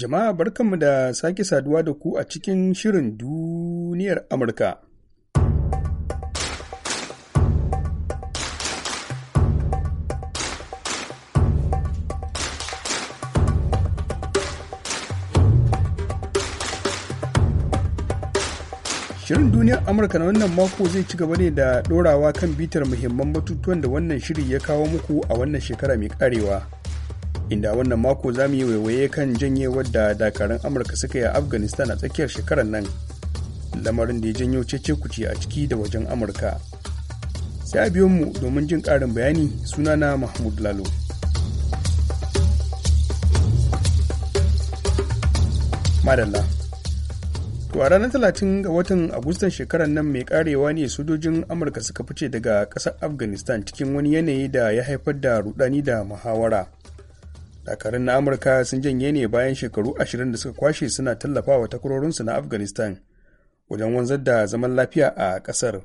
Jama'a barkanmu da sake saduwa da ku a cikin shirin duniyar Amurka. Shirin duniyar Amurka na wannan mako zai ci gaba ne da ɗorawa kan bitar muhimman batutuwan da wannan shiri ya kawo muku a wannan shekara mai karewa. inda wannan mako za mu yi waiwaye kan janyewar da dakarun amurka suka yi a afghanistan a tsakiyar shekarar nan lamarin da ya janyo cece kuce a ciki da wajen amurka sai a biyo mu domin jin karin bayani sunana mahmud lalo madalla to a ranar talatin ga watan agustan shekarar nan mai karewa ne sojojin amurka suka fice daga ƙasar afghanistan cikin wani yanayi da ya haifar da rudani da muhawara dakarun na amurka sun janye ne bayan shekaru ashirin da suka kwashe suna tallafawa takwarorinsu na afghanistan wajen wanzar da zaman lafiya a kasar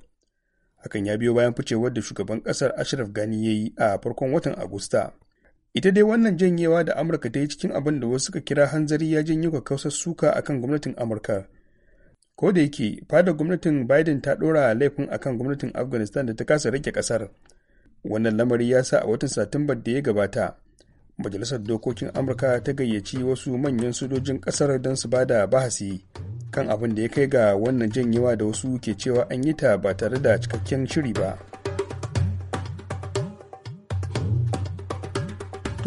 hakan ya biyo bayan ficewar da shugaban kasar ashraf gani ya yi a farkon watan agusta ita dai wannan janyewa da amurka ta yi cikin abin da wasu suka kira hanzari ya janyo kausar suka akan gwamnatin amurka ko da yake fada gwamnatin biden ta ɗora laifin akan gwamnatin afghanistan da ta kasa rike kasar wannan lamari ya sa a watan satumbar da ya gabata majalisar dokokin amurka ta gayyaci wasu manyan sojojin kasar don su bada bahasi kan abin da ya kai ga wannan janyewa da wasu ke cewa an yi ta ba tare da cikakken shiri ba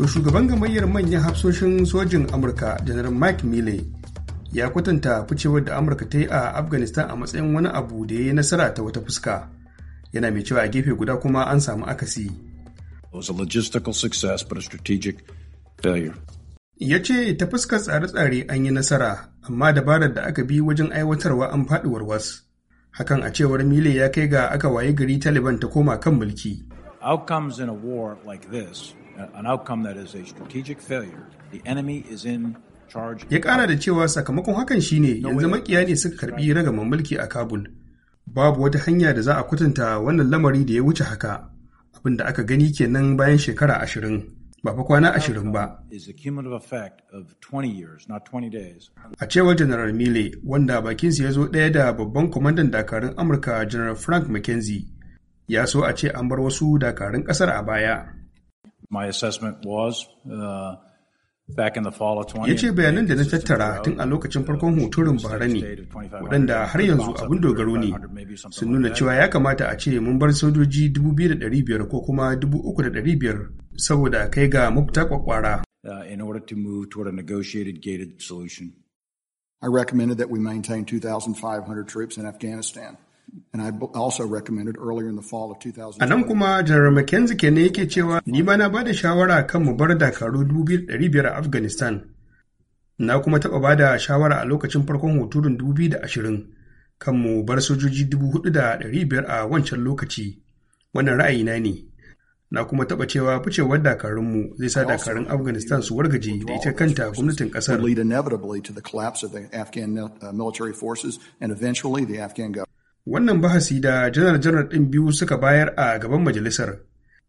to shugaban gamayyar manyan hafsoshin sojin amurka janar mike Milley ya kwatanta ficewar da amurka ta yi a afghanistan a matsayin wani abu da ya yi nasara ta wata fuska yana mai cewa a gefe guda kuma an samu akasi It was a logistical success but a strategic failure. Ya ce ta fuskar tsare-tsare an yi nasara, amma dabarar da aka bi wajen aiwatarwa an faɗuwar wasu. Hakan a cewar Mile ya kai ga aka waye gari Taliban ta koma kan mulki. Outcomes in a war like this, an outcome that is a strategic failure, the enemy is in charge. Ya ƙara da cewa sakamakon hakan shine yanzu makiya ne suka karɓi ragaman mulki a Kabul. Babu wata hanya da za a kwatanta wannan lamari da ya wuce haka. abin da aka gani kenan bayan shekara ashirin ba fa kwana ashirin ba. A cewar General Mille wanda bakinsa ya zo ɗaya da babban kwamandan dakarun Amurka General Frank McKenzie ya so a ce an bar wasu dakarun ƙasar a baya. My assessment was uh, Ya ce bayanan da na tattara tun a lokacin farkon hoturin bara ne, waɗanda har yanzu abin dogaro ne, sun nuna cewa ya kamata a ce mun bar sojoji 2,500 ko kuma 3,500 saboda kai ga mafita kwakwara. Uh, in order to move toward a negotiated gated solution. I recommended that we maintain 2,500 troops in Afghanistan. A nan kuma General McKenzie kenan yake cewa ni ma na ba da shawara kan mu bar dakaru 2,500 a Afghanistan. Na kuma taɓa ba da shawara a lokacin farkon hoturin 2020 kan mu bar sojoji 4,500 a wancan lokaci. Wannan ra'ayina ne. Na kuma taɓa cewa ficewar dakarunmu zai sa dakarun Afghanistan su wargaje da ita kanta gwamnatin ƙasar. wannan bahasi da janar-janar ɗin biyu suka bayar a gaban majalisar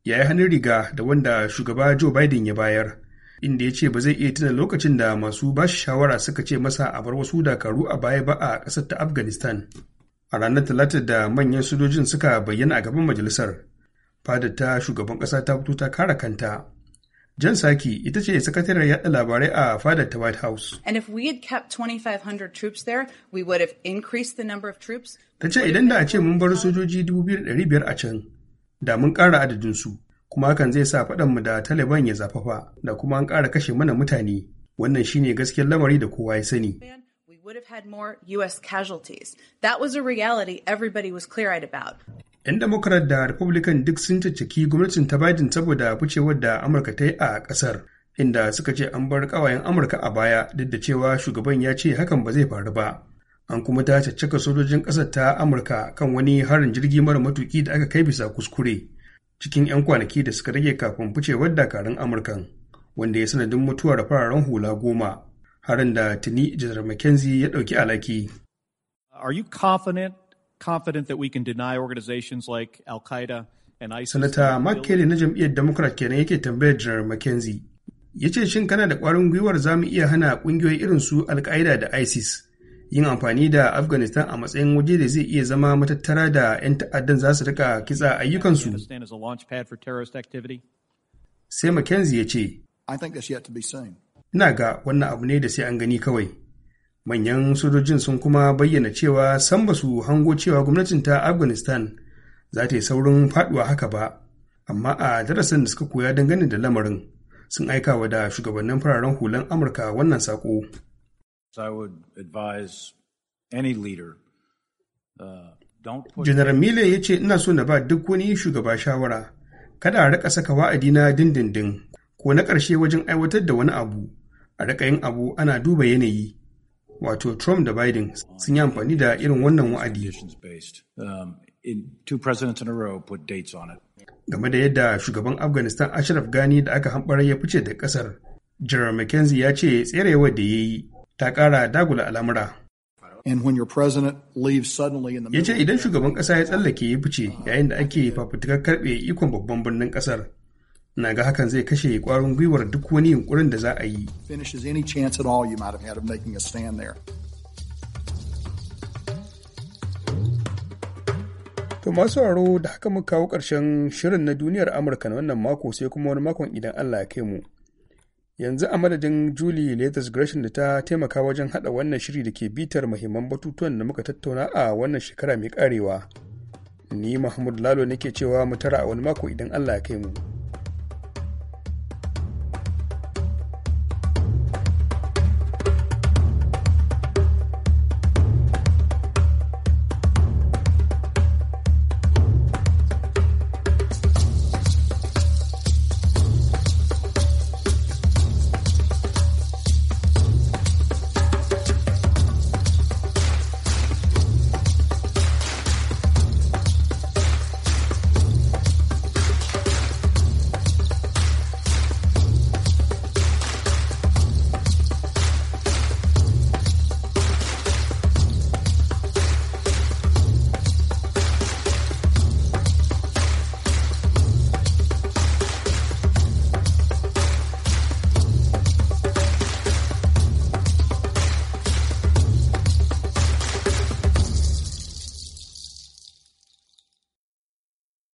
ya yi hannun riga da wanda shugaba joe biden ya bayar inda ya ce ba zai iya tuna lokacin da masu shi shawara suka ce masa a bar wasu dakaru a baya ba a ƙasar ta afghanistan a ranar talata da manyan sojojin suka bayyana a gaban majalisar fadar ta shugaban ƙasa ta fito ta kare kanta Jan Saki ita ce sakataren yada labarai a fadar ta White House. And if we had kept 2,500 troops there, we would have increased the number of troops. Ta ce idan da a ce mun bar sojoji 2,500 a can, da mun ƙara adadinsu, kuma hakan zai sa faɗanmu da Taliban ya zafafa, da kuma an ƙara kashe mana mutane. Wannan shine gaskiyar lamari da kowa ya sani. would have had more U.S. casualties. That was a reality everybody was clear eyed about. 'yan democrat da republican duk sun caccaki gwamnatin ta biden saboda ficewar da amurka ta yi a ƙasar inda suka ce an bar ƙawayen amurka a baya duk da cewa shugaban ya ce hakan ba zai faru ba an kuma ta caccaka sojojin ƙasar ta amurka kan wani harin jirgi mara matuki da aka kai bisa kuskure cikin 'yan kwanaki da suka rage kafin ficewar dakarun amurkan wanda ya sanadin mutuwar fararen hula goma harin da tuni janar mckenzie ya ɗauki alaki Are you confident confident that we can deny organizations like Al Qaeda and Sanata Mark Kelly na jam'iyyar Democrat kenan yake tambayar Janar McKenzie. Ya ce shin kana da ƙwarin gwiwar za mu iya hana ƙungiyoyi irin su Al Qaeda da ISIS yin amfani da Afghanistan a matsayin waje da zai iya zama matattara da 'yan ta'addan za su rika kitsa ayyukansu. Sai McKenzie ya ce, Ina ga wannan abu ne da sai an gani kawai. manyan sojojin sun kuma bayyana cewa san ba su hango cewa gwamnatin ta afghanistan za ta yi saurin faduwa haka ba amma a darasin da suka koya dangane da lamarin sun aikawa da shugabannin fararen hulan amurka wannan sako uh, General Miller ya ce ina so na ba duk wani shugaba shawara kada a rika saka wa'adi na dindindin ko na ƙarshe wajen aiwatar da wani abu a rika yin abu ana duba yanayi wato Trump da Biden sun yi amfani da irin wannan wa'adi. Um, Game da yadda shugaban Afghanistan Ashraf Ghani da aka hamɓarar ya fice da ƙasar, General McKenzie ya ce tserewar da ya yi ta kara dagula al'amura. Ya ce idan shugaban ƙasa ya tsallake ya fice yayin da ake fafutukar karɓe ikon babban birnin ƙasar, na ga hakan zai kashe kwarin gwiwar duk wani yunkurin da za a yi To masu sauraro da haka muka kawo ƙarshen shirin na duniyar Amurka na wannan mako sai kuma wani makon idan Allah ya kai mu. Yanzu a madadin Julie Letters Gresham da ta taimaka wajen haɗa wannan shiri da ke bitar muhimman batutuwan da muka tattauna a wannan shekara mai ƙarewa. Ni Mahmud Lalo nake cewa mu tara a wani mako idan Allah ya kai mu.